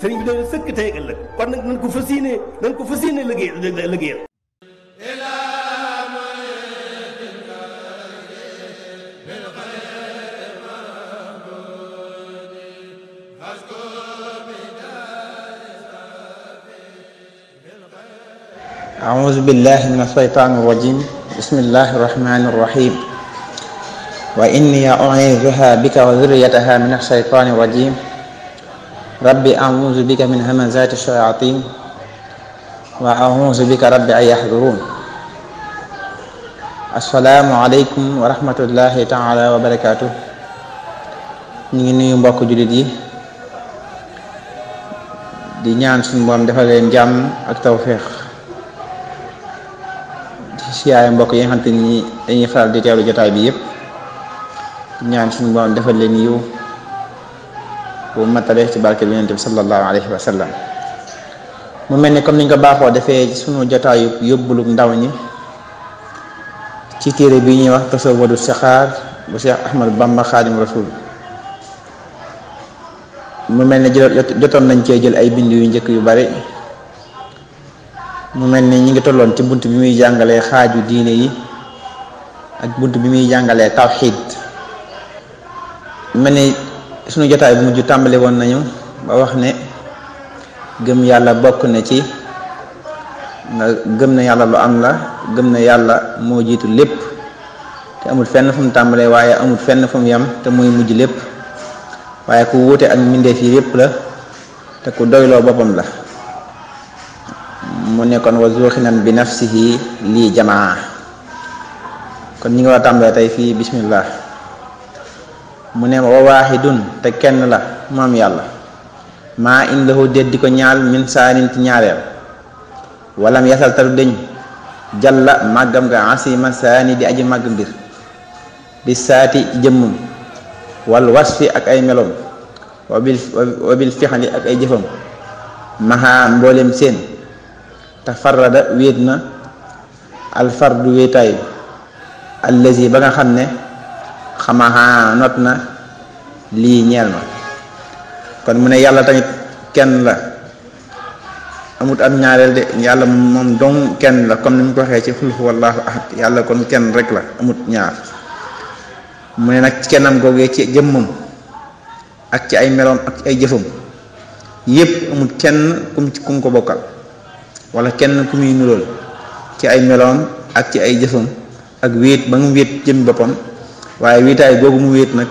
sëriñ bi dana sëkk tey ëllëg kon nag nañ ko fas yéene nañ ko fas yéene liggéey liggéeyal أعوذ بالله من الشيطان الرجيم بسم الله الرحمن الرحيم وإني أعيذها بك وذريتها من الشيطان الرجيم rabbi auzu bika min hamazati shayatin wa auzu bika rabbi an yahdurun assalaamu aleykum wa rahmatullahi wa barakaatu ñu ngi nuyu mbokk jullit yi di ñaan suñu boom defal leen jàmm ak tawféex di siyaay mbokk yi nga xam te ni dañuy faral di teewlu jotaay bi yëpp di ñaan suñu boom defal leen yiw bu matale ci barke bi yonent bi sallallahu alayhi wa sallam mu mel ni comme niñ ko baaxoo defee sunu jotaayu yóbbulu ndaw ñi ci téere bi ñuy wax tasawwadu saxaar bu Cheikh Ahmad Bamba Xaadim Rasul mu mel ni jotoon nañ cee jël ay bind yu njëkk yu bari mu mel ni ñu ngi tolloon ci bunt bi muy jàngalee xaaju diine yi ak bunt bi muy jàngalee tawxiid mel ni sunu jotaay bu mujj tàmbali woon nañu ba wax ne gëm yàlla bokk na ci nga gëm na yàlla lu am la gëm na yàlla moo jiitu lépp te amul fenn fu mu tàmbalee waaye amul fenn fu mu te muy mujj lépp waaye ku wuute ak mbindeef yi yépp la te ku doyloo boppam la mu nekkoon wa zuxinan bi nafsihi lii jamaa kon ñi nga war tàmbalee tey fii bismillah mu ne ma wa te kenn la moom yàlla maa in lahu déet ko ñaal min saanin ci ñaareel walam yasal taru dëñ jalla màggam nga asima saani di aji màgg mbir di saati jëmmum wal wasfi ak ay melom wabil wabil fixali ak ay jëfam maha mboolem seen tafarrada wéet na alfardu wéetaayu allazi ba nga xam ne xamaha not na lii ñeel ma kon mu ne yàlla tamit kenn la amut am ñaareel de yàlla moom dong kenn la comme ni mu ko waxee ci xulxu wallahu ahad yàlla kon kenn rek la amut ñaar mu ne nag ci kennam googee ci jëmmam ak ci ay meloom ak ci ay jëfam yépp kenn kum ci kum wala kenn ku muy ci ay meloom ak ci ay jëfam ak wéet ba mu wéet jëm boppam waaye wiitaay boobu mu wéet nag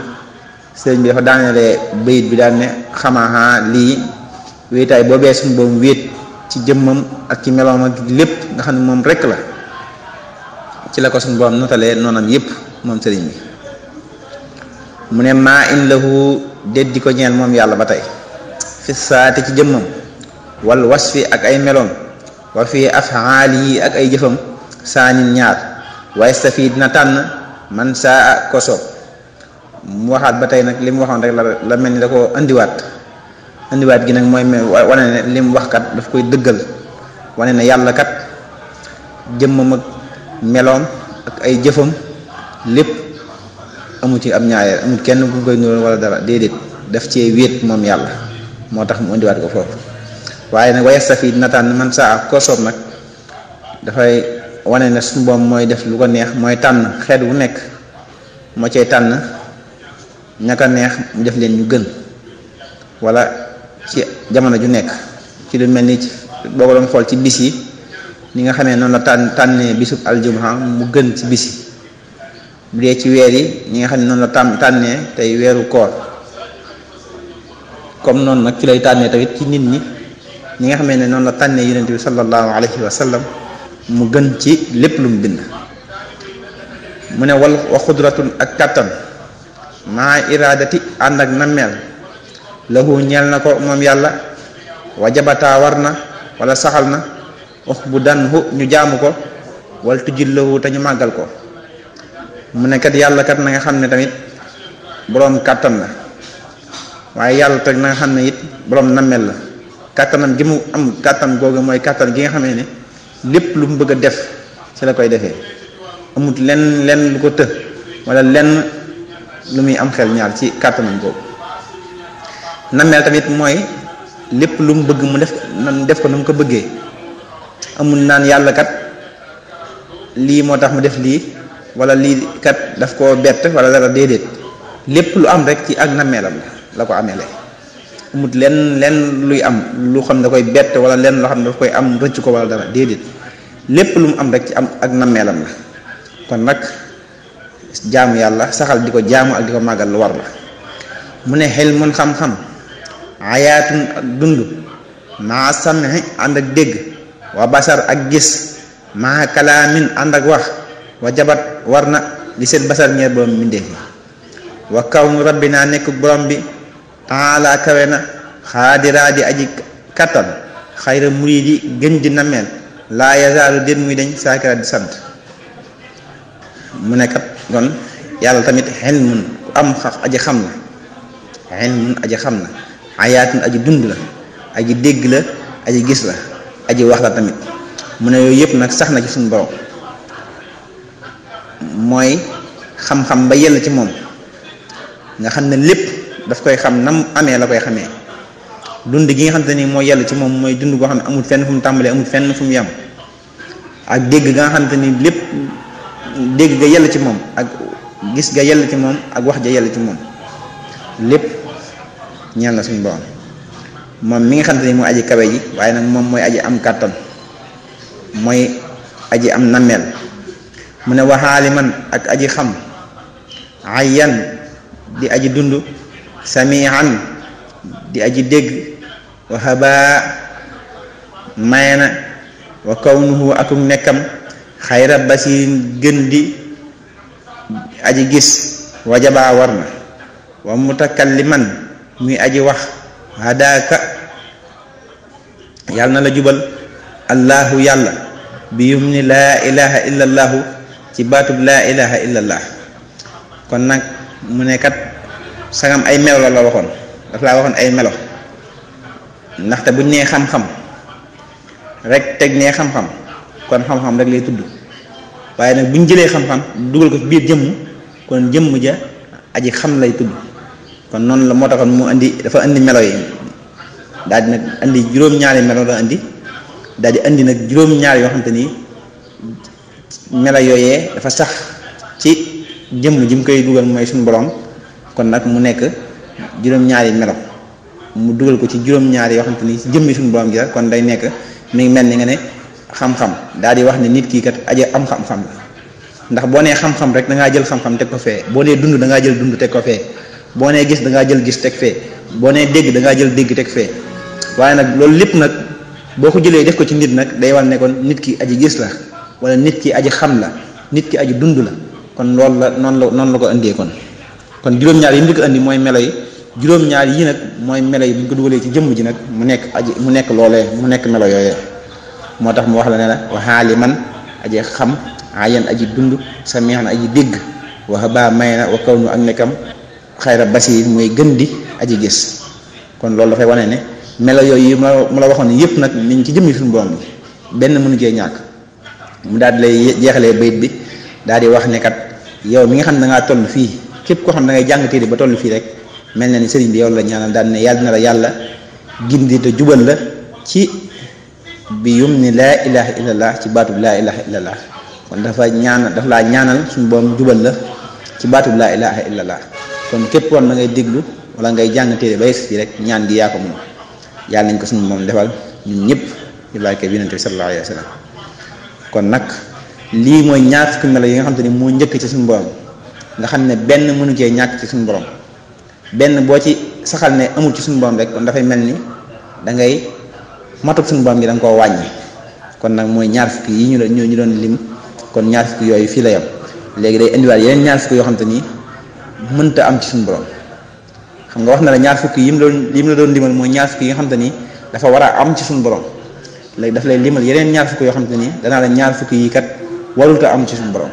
sëriñ bi dafa daanelee bayit bi daan xamaa xamaha lii wiitaay boobee suñu boobu wéet ci jëmmam ak ci meloom ak lépp nga xam ne moom rekk la ci la ko suñu boroom notalee noonam yépp moom sëriñ bi mu ne maa in lahu déddi ko ñeel moom yàlla ba tey fi saati ci jëmmam wal fi ak ay meloom wa fi afhaali yi ak ay jëfam saanin ñaar waaye safi dina tànn man saa ko soob mu waxaat ba tey nag li mu waxoon rek la la mel ni da koo indiwaat indiwaat gi nag mooy wane ne li mu wax kat daf koy dëggal wane ne yàlla kat jëmmam ak meloom ak ay jëfam lépp amu ci am ñaareel amul kenn ku koy nuróol wala dara déedéet def cee wéet moom yàlla moo tax mu indiwaat ko foofu waaye nag waye safi nataan man saa ko soob nag dafay wane na suñu mooy def lu ko neex mooy tànn xeet wu nekk moo cay tànn ñaka neex mu def leen ñu gën wala ci jamono ju nekk ci lu mel ni boo ko xool ci bis yi ni nga xamee noon la tànn tànnee bisu aljumaa mu gën ci bis yi bu dee ci weer yi ñi nga xam ne noonu la tànn tànnee tey weeru koor comme noonu nag ci lay tànnee tamit ci nit ñi ñi nga xam ne noonu la tànnee yonent bi sallallahu alayhi wa sallam mu gën ci lépp lu mu bind mu ne wal wa xudratun ak kàttan maa iraadati ànd ak nammeel lahu ñeel na ko moom yàlla wajabataa war na wala saxal na ux bu danhu ñu jaamu ko wala tujjil lahu te ñu màggal ko mu nekkat kat yàlla kat na nga xam ne tamit boroom kàttan la waaye yàlla teg na nga xam ne it boroom nammeel la kàttanam gi mu am kàttan googu mooy kàttan gi nga xamee ne lépp lu mu bëgg def ci la koy defee amut lenn lenn lu ko të walla lenn lu muy am xel ñaar ci kàttanam boobu nameel tamit mooy lépp lu mu bëgg mu def def ko na mu ko bëggee amul naan yàlla kat lii moo tax mu def lii walla lii kat daf ko bett wala dara déedéet lépp lu am rek ci ak nameelam la la ko ameele amut lenn leen luy am lu xam da koy bett wala leen loo xam ne dafa koy am rëcc ko wala dara déedéet lépp lu mu am rek ci am ak nammeelam la kon nag jaamu yàlla saxal di ko jaamu ak di ko màggal lu war ne xel mun xam-xam ayaatun ak dund maa sam'i ànd ak dégg waa basar ak gis maa kalaamin ànd ak wax wa jabat war na di seen basar ñeer borom mbindéef yi wa kaw nu rabbi naa nekk borom bi ala kawe na xaadiraa di aji kattan xayra murid yi gën di nameel laa yazaaru déet muy dañ saakira di sant mu ne kat yàlla tamit ilmun ku am xa aji xam la ilmun aji xam na xayaatun aj dund la aji dégg la aji gis la aji wax la tamit mu ne yooyu yëpp nag sax na ci suñu borom mooy xam-xam ba yell ci moom nga xam ne lépp daf koy xam nam amee la koy xamee dund gi nga xamante ni moo yàlla ci moom mooy dund goo xam ne amul fenn fu mu tàmbalee amul fenn fu mu yem ak dégg ga nga xamante ni lépp dégg ga yàlla ci moom ak gis ga yàlla ci moom ak wax ja yàlla ci moom lépp ñaan la suñu borom moom mi nga xamante ni mooy aji kawe ji waaye nag moom mooy aji am kàttan mooy aji am nammeel mu ne waxaali man ak aji xam ayyan di aji dund samian di aji dégg wa haba maye na wa kawnuhu akum nekkam xayra basirin gën di aji gis wajaba war na wa mutakalliman muy aji wax hadaaka yàlla na la jubal allahu yàlla bi ni laa ilaha illa ci baatub laa ilaha illa kon nag mu ne sangam ay melo la la waxoon daf laa waxoon ay melo ndaxte buñ nee xam-xam rek teg nee xam-xam kon xam-xam rek lay tudd waaye nag buñ jëlee xam-xam dugal ko ci biir jëmm kon jëmm ja aji xam lay tudd kon noonu la moo taxoon mu indi dafa indi melo yi daal di indi juróom-ñaari melo la indi daal di indi nag juróom-ñaar yoo xam ni melo yooye dafa sax ci jëmm ji mu koy dugal mooy suñu borom. kon nag mu nekk juróom-ñaari melo mu dugal ko ci juróom-ñaari yoo xamante ni ci jëmmi suñu borom gi la kon day nekk mi ngi mel ni nga ne xam daal di wax ne nit kii kat aje am xam la ndax boo nee xam rek da jël xam ko boo nee dund da jël dund ko boo nee gis da jël gis teg fee boo nee dégg da jël dégg teg fee waaye nag loolu lépp nag boo ko jëlee def ko ci nit nag day wan ne nit ki aji gis la wala nit ki aji xam la nit ki aji dund la kon loolu la noonu la noonu la ko indee kon. kon juróom-ñaar yi mu ko mooy melo yi juróom-ñaar yi nag mooy melo yi bu ñu ko dugalee ci jëmm ji nag mu nekk aj mu nekk loolee mu nekk melo yooyee tax mu wax la ne la man aji xam ayan aji dund samihan aji dégg waxa baa may na wa kaw nu ak nekkam xayra basiir mooy gën di aji gis kon loolu dafay wane ne melo yooyu mu la waxoon yëpp nag mi ci ci jëmmi suñu borom bi benn mënu cee ñàkk mu daal di lay jeexalee bayit bi daal di wax nekkat yow mi nga xam ne da toll fii képp koo xam da ngay jàng téere ba toll fii rek mel na ni sëriñ bi yow la ñaanal daan ne yàlla na la yàlla gindi te jubal la ci bi yum ni laa ilaha illallah ci baatub laa ilaha illallah kon dafa ñaan daf laa ñaanal suñu boom jubal la ci baatub laa ilaha illallah képp koo xam da ngay déglu wala ngay jàng téere ba yegsi rek ñaan gi yaa ko moom yàlla nañ ko suñu moom defal ñun ñëpp ci barke bi yonent bi sallallahu nag lii mooy ñaar fukki melo nga xam ni moo njëkk ci suñu borom nga xam ne benn mënu cee ñàkk ci suñu borom benn boo ci saxal ne amul ci suñu borom rek kon dafay mel ni da ngay matuk suñu borom gi da nga koo wàññi kon nag mooy ñaar fukki yi ñu la ñu doon lim kon ñaar fukki yooyu fii la yem léegi day indiwaat yeneen ñaar fukki yoo xam te ni mënta am ci suñu borom xam nga wax na la ñaar fukki yim la yim la doon limal mooy ñaar fukki yi nga xam te ni dafa war a am ci suñu borom léegi daf lay limal yeneen ñaar fukki yoo xam te ni danaa la ñaar fukki yi kat waruta am ci suñu borom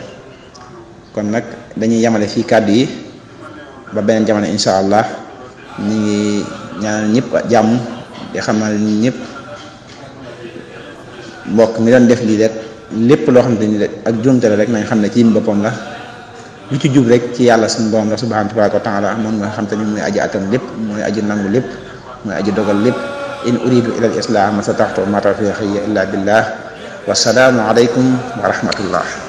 kon nag dañuy yemale fii kàddu yi ba beneen jamono incha allah ñu ngi ñaanal ñëpp jàmm di xamal ñëpp mbokk mi doon def lii rek lépp loo xam xamante ni ak juumte la rek nañ xam ne ci boppam la lu ci jub rek ci yàlla suñu borom la subhanahu wa ta'ala moom nga xam te ni mooy aji atam lépp mooy aji nangu lépp mooy aji dogal lépp in uridu ila al islam ma stata'tu ma tawfiqi illa billah wa salaamu alaykum wa rahmatullah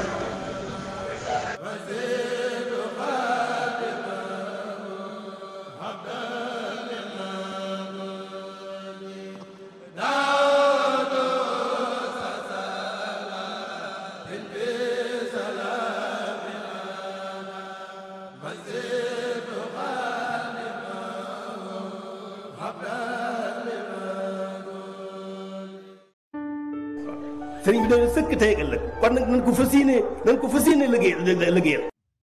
sëriñ bi doon sëkk te ak ëllëg kon nag nañ ko fa yéene nañ ko fas yéene liggéey liggéeyal